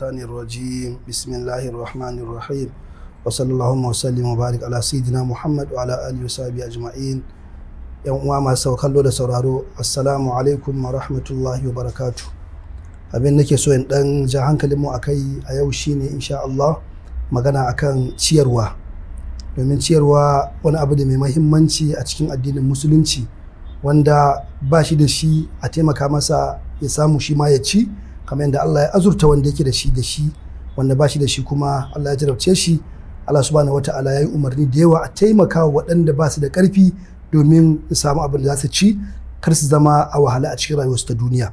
الشيطان الرجيم بسم الله الرحمن الرحيم وصلى اللهم وسلم وبارك على سيدنا محمد وعلى آله وصحبه yan uwa masu saukallo da sauraro assalamu alaikum wa rahmatullahi wa barakatu abin nake so in dan ja hankalinmu a kai a yau shine insha Allah magana akan ciyarwa domin ciyarwa wani abu da mai mahimmanci a cikin addinin musulunci wanda ba shi da shi a taimaka masa ya samu shi ma ya ci kamar yadda Allah ya azurta wanda yake da shi da shi wanda ba shi da shi kuma Allah ya jarabce shi Allah subhanahu wata'ala ya yi umarni da yawa a taimaka wa waɗanda ba su da ƙarfi domin su samu abin da za su ci kar su zama a wahala a cikin rayuwarsu ta duniya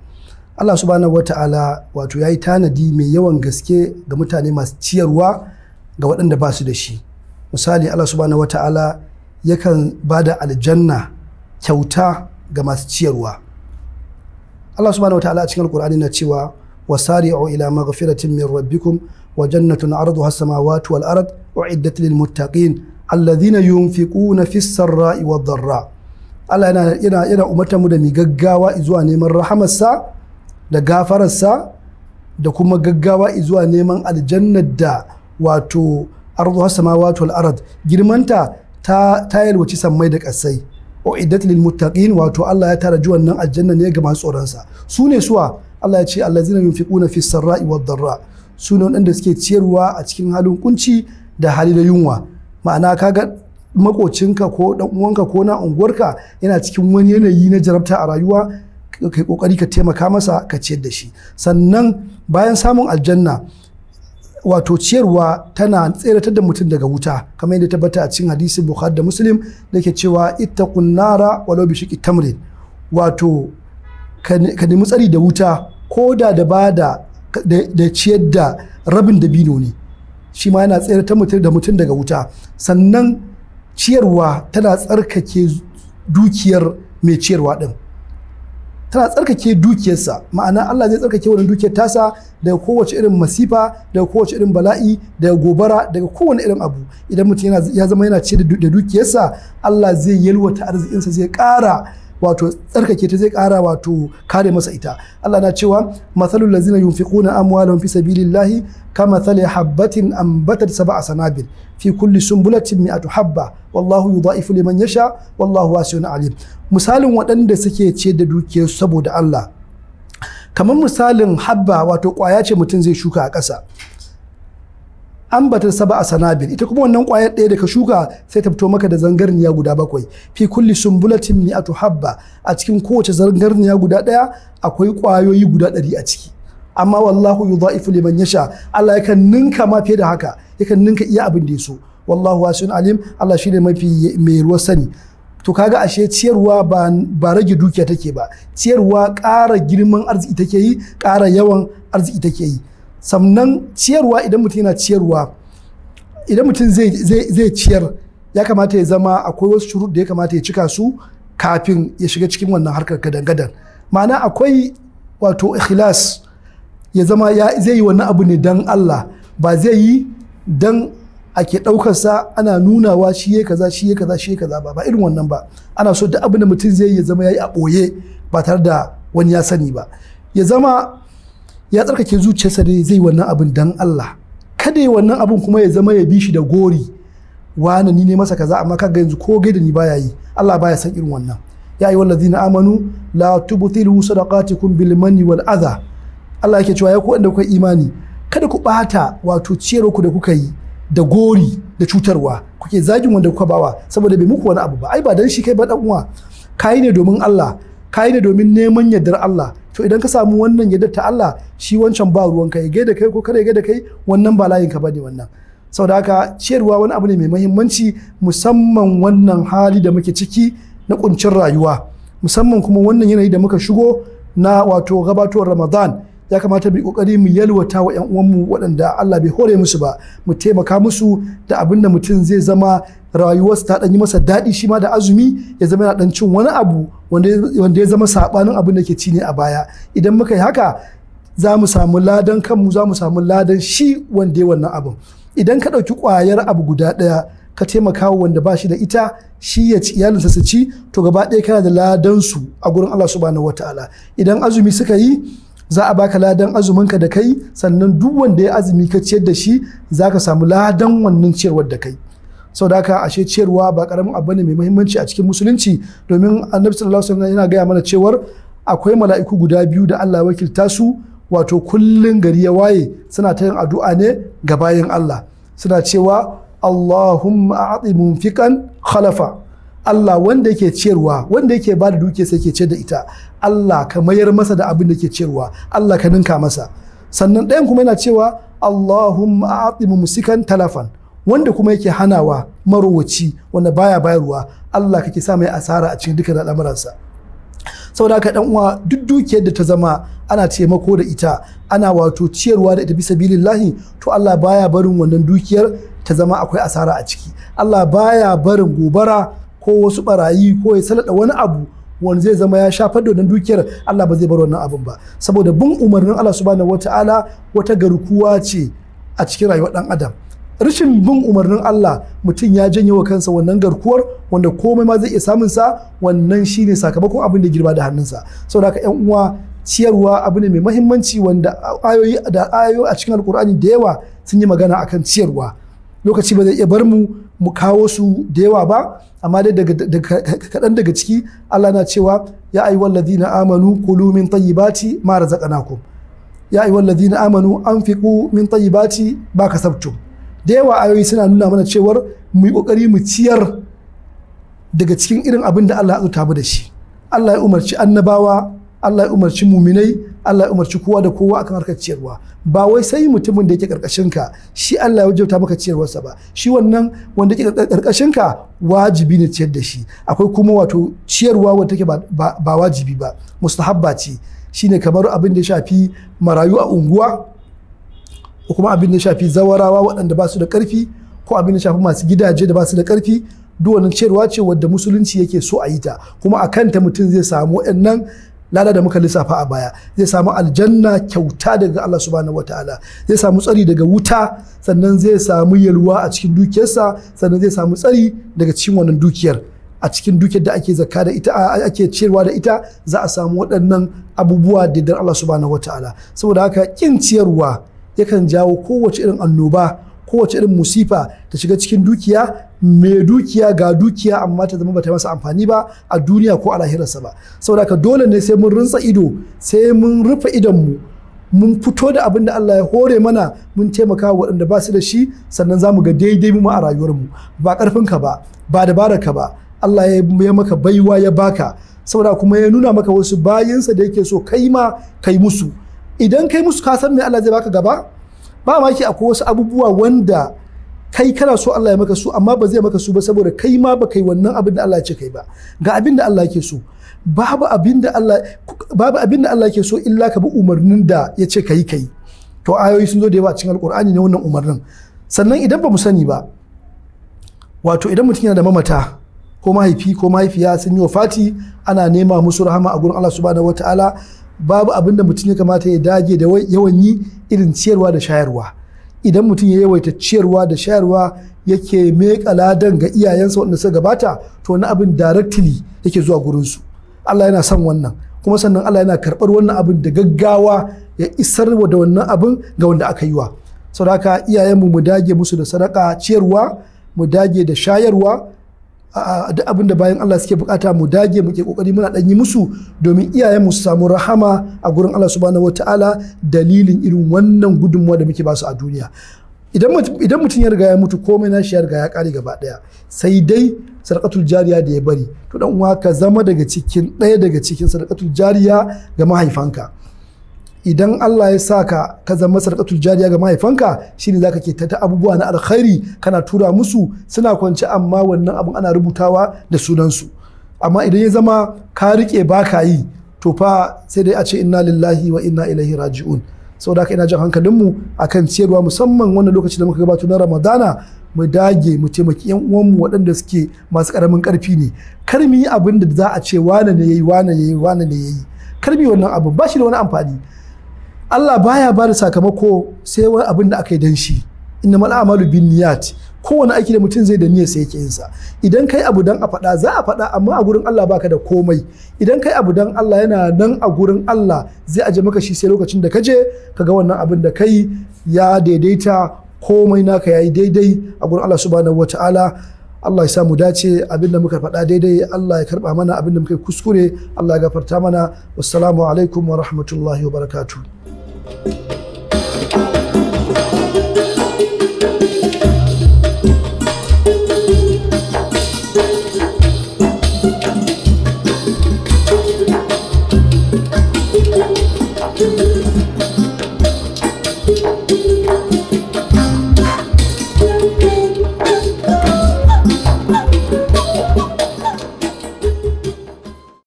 Allah subhanahu wata'ala wato ya yi tanadi mai yawan gaske ga mutane masu ciyarwa ga waɗanda ba su da shi misali Allah subhanahu wata'ala yakan ba da aljanna kyauta ga masu ciyarwa Allah subhanahu wata'ala a cikin alkur'ani na cewa وسارعوا إلى مغفرة من ربكم وجنة عرضها السماوات والأرض أعدت للمتقين الذين ينفقون في السراء والضراء Allah yana yana yana umarta mu da mi gaggawa zuwa neman rahamarsa da gafararsa da kuma gaggawa zuwa neman aljannar da wato ardu hasama wato al'arad girmanta ta ta yalwaci sammai da kasai o iddat lil muttaqin wato Allah ya tara juwan nan aljanna ne ga masu tsoronsa su ne suwa Allah ya ce Allah allazina yunfiquna fi sarra'i wa darra su ne waɗanda suke ciyarwa a cikin halin kunci da hali da yunwa ma'ana kaga makocinka ko ɗan uwanka ko na unguwarka yana cikin wani yanayi na jarabta a rayuwa kai kokari ka taimaka masa ka ciyar da shi sannan bayan samun aljanna wato ciyarwa tana tseratar da mutum daga wuta kamar yadda tabbata a cikin hadisi bukhari da muslim da ke cewa ita kunnara walau bi shiqi tamrin wato ka nemi tsari da wuta ko da da ba da da ciyar da rabin dabino ne shi ma yana tsayar ta mutum da mutum daga wuta sannan ciyarwa tana tsarkake dukiyar mai ciyarwa din tana tsarkake dukiyarsa ma'ana Allah zai tsarkake wannan dukiyar tasa daga kowace irin masifa daga kowace irin bala'i daga gobara daga kowane irin abu idan mutum ya zama yana ciyar da dukiyarsa Allah zai yalwata arzikinsa zai ƙara wato tsarkake ta zai kara wato kare masa ita Allah na cewa masalul lazina yunfiquna amwalahum fi sabilillahi thali habbatin ambatat sab'a sanabil fi kulli sumbulatin mi'atu habba wallahu yudha'ifu liman yasha wallahu wasi'un alim misalin waɗanda suke ce da duke saboda Allah kamar misalin habba wato kwaya ce mutum zai shuka a ƙasa an ambatar saba a sanabil ita kuma wannan kwayar ɗaya da ka shuka sai ta fito maka da zangarniya guda bakwai fi kulli sumbulatin mi'atu habba a cikin kowace zangarniya guda ɗaya akwai kwayoyi guda ɗari a ciki amma wallahu yudha'ifu liman yasha Allah yakan ninka ma fiye da haka yakan ninka iya abin da ya so wallahu wasi'un alim Allah shine mafi mai ruwa sani to kaga ashe ciyarwa ba rage dukiya take ba ciyarwa ƙara girman arziki take yi kara yawan arziki take yi samnan ciyarwa idan mutum yana ciyarwa idan mutum zai ciyar ya kamata ya zama akwai wasu shuru da ya kamata ya cika su kafin ya shiga cikin wannan harkar gadan-gadan ma'ana akwai wato ikhlas ya zama ya zai yi wannan abu ne dan Allah ba zai yi dan ake ɗaukarsa ana nunawa shi ya kaza shi ya kaza shi ya kaza ba ba irin wannan ba ana so duk abin da mutum zai ya zama ya yi a ɓoye ba tare da wani ya sani ba ya zama ya tsarkake zuciyarsa da zai wannan abin dan Allah kada ya wannan abin kuma ya zama ya bi shi da gori wani ni ne masa kaza amma kaga yanzu ko gaida ni baya yi Allah baya san irin wannan ya ayyuhal ladzina amanu la tubtilu sadaqatikum bil manni wal adha Allah yake cewa ya ku inda kuka imani kada ku bata wato ciyarku da kuka yi da gori da cutarwa kuke zagin wanda kuka bawa saboda bai muku wani abu ba ai ba dan shi kai ba dan uwa kai ne domin Allah kai ne domin neman yardar Allah to idan ka samu wannan yadda ta Allah shi wancan ba ruwan ka ya da kai ko kada ya da kai wannan ba layin ka bane wannan saboda haka ciyarwa wani abu ne mai muhimmanci musamman wannan hali da muke ciki na kuncin rayuwa musamman kuma wannan yanayi da muka shigo na wato gabatowar Ramadan ya kamata mu kokari mu yalwata wa 'yan uwanmu waɗanda Allah bai hore musu ba mu taimaka musu da abin da mutum zai zama rayuwarsa ta ɗan yi masa daɗi shi ma da azumi ya zama yana dan cin wani abu wanda ya zama saɓanin abin da ke ci ne a baya idan muka yi haka za mu samu ladan kanmu za mu samu ladan shi wanda ya wannan abin idan ka ɗauki ƙwayar abu guda ɗaya ka taimaka wa wanda ba shi da ita shi ya ci iyalinsa su ci to gaba ɗaya kana da ladan su a gurin Allah subhanahu wataala idan azumi suka yi za a baka ladan azuminka da kai sannan duk wanda ya azumi ka ciyar da shi za ka samu ladan wannan ciyarwar da kai sau da ashe ciyarwa ba karamin abu ne mai muhimmanci a cikin musulunci domin annabi sallallahu alaihi wasallam yana gaya mana cewar akwai mala'iku guda biyu da Allah wakilta su wato kullun gari ya waye suna ta yin addu'a ne ga bayan Allah suna cewa Allahumma a'ti munfiqan khalafa Allah wanda yake ciyarwa wanda yake ba da duke sai ke ce da ita Allah ka mayar masa da abin da yake ciyarwa Allah ka ninka masa sannan ɗayan kuma yana cewa Allahumma a'ti musikan talafan wanda kuma yake hanawa marowaci wanda baya bayarwa Allah kake sa mai asara a cikin dukkan al'amuransa saboda haka dan uwa duk dukiyar da ta zama ana taimako da ita ana wato ciyarwa da ita bisa billahi to Allah baya barin wannan dukiyar ta zama akwai asara a ciki Allah baya barin gobara ko wasu barayi ko ya salada wani abu wani zai zama ya shafar da wannan dukiyar Allah ba zai bar wannan abun ba saboda bin umarnin Allah subhanahu wataala wata garkuwa ce a cikin rayuwar dan adam rashin bin umarnin Allah mutum ya janye wa kansa wannan garkuwar wanda komai ma zai iya samun sa wannan shine sakamakon abin da girba da hannunsa saboda da yan uwa ciyarwa abu ne mai mahimmanci wanda ayoyi da ayoyi a cikin alkur'ani da yawa sun yi magana akan ciyarwa lokaci ba zai iya bar mu mu kawo su da yawa ba amma dai kaɗan daga ciki Allah na cewa ya ayi wallazina amanu kulu min tayyibati ma razaqnakum ya ayi wallazina amanu anfiqu min tayyibati ba kasabtum da yawa ayoyi suna nuna mana cewar mu yi kokari mu ciyar daga cikin irin abin da Allah ya azurta mu da shi Allah ya umarci annabawa Allah ya umarci muminai Allah ya umarci kowa da kowa akan harkar ciyarwa ba wai sai mutumin da yake karkashin ka shi Allah ya wajabta maka ciyarwarsa ba shi wannan wanda yake karkashin ka wajibi ne ciyar da shi akwai kuma wato ciyarwa wanda take ba wajibi ba mustahabba ce shine kamar abin da ya shafi marayu a unguwa ko kuma abin da shafi zawarawa waɗanda ba su da ƙarfi ko abin da shafi masu gidaje da ba su da ƙarfi duk wannan ciyarwa ce wadda musulunci yake so a yi ta kuma a kanta mutum zai samu waɗannan lada da muka lissafa a baya zai samu aljanna kyauta daga Allah subhanahu wataala zai samu tsari daga wuta sannan zai samu yalwa a cikin dukiyarsa sannan zai samu tsari daga cikin wannan dukiyar a cikin dukiyar da ake zakka da ita ake ciyarwa da ita za a samu waɗannan abubuwa da Allah subhanahu wataala saboda haka kin ciyarwa yakan jawo kowace irin annoba kowace irin musifa ta shiga cikin dukiya mai dukiya ga dukiya amma ta zama bata masa amfani ba a duniya ko a lahirarsa ba saboda haka dole ne sai mun rinsa ido sai mun rufe idonmu mun fito da abin da Allah ya hore mana mun taimaka waɗanda ba su da shi sannan za mu ga daidai mu a rayuwarmu ba ƙarfinka ba ba dabararka ba Allah ya maka baiwa ya baka saboda kuma ya nuna maka wasu bayinsa da yake so kai ma kai musu idan kai musu ka san me Allah zai baka gaba ba maki akwai wasu abubuwa wanda kai kana so Allah ya maka su amma ba zai maka su ba saboda kai ma ba kai wannan abin da Allah ya ce kai ba ga abin da Allah yake so babu abin da Allah babu abin da Allah yake so illa ka bi umarnin da ya ce kai kai to ayoyi sun zo da yawa cikin alkur'ani ne wannan umarnin sannan idan ba mu sani ba wato idan mutum yana da mamata ko mahaifi ko mahaifiya sun yi wa Fati ana nema musu rahama a gurin Allah subhanahu wataala babu abin da mutum ya kamata ya dage da yawan yi irin ciyarwa da shayarwa idan mutum ya yawaita ciyarwa da shayarwa yake meƙa ladan ga iyayensa wanda suka gabata to wani abin directly yake zuwa gurinsu Allah yana son wannan kuma sannan Allah yana karɓar wannan abin da gaggawa ya isar da wannan abin ga wanda aka yi wa saboda haka iyayenmu mu dage musu da sadaka ciyarwa mu dage da shayarwa duk abinda bayan Allah suke bukata mu dage muke kokari muna dan yi musu domin iyayen mu samu rahama a gurin Allah subhanahu wataala dalilin irin wannan gudunmuwa da muke basu a duniya idan mutum ya riga ya mutu komai na shi ya riga ya kare gaba daya sai dai sadakatul jariya da ya bari to dan uwa ka zama daga cikin daya daga cikin sadakatul jariya ga mahaifanka idan Allah ya saka ka zama sadaqatul jariya ga mahaifanka shine zaka ke ta abubuwa na alkhairi kana tura musu suna kwance amma wannan abun ana rubutawa da sunansu amma idan ya zama ka rike baka yi to fa sai dai a ce inna lillahi wa inna ilaihi raji'un saboda haka ina jan mu akan ciyarwa musamman wannan lokaci da muka gabato na ramadana mu dage mu taimaki yan uwanmu waɗanda suke masu karamin ƙarfi ne kar mu yi abin da za a ce wane ne yayi wane ne yayi wane ne yayi kar mu yi wannan abu ba shi da wani amfani Allah baya ba da sakamako sai wani abin da aka yi dan shi inna mal amalu bin niyat kowane aiki da mutum zai da niyyar sa yake yinsa idan kai abu dan a faɗa za a faɗa amma a gurin Allah baka da komai idan kai abu dan Allah yana nan a gurin Allah zai aje maka shi sai lokacin da ka je ka ga wannan abin da kai ya daidaita komai naka yayi daidai a gurin Allah subhanahu wataala Allah ya samu dace abin da muka faɗa daidai Allah ya karɓa mana abin da muka kuskure Allah ya gafarta mana wassalamu alaikum wa rahmatullahi wa barakatuh Thank you.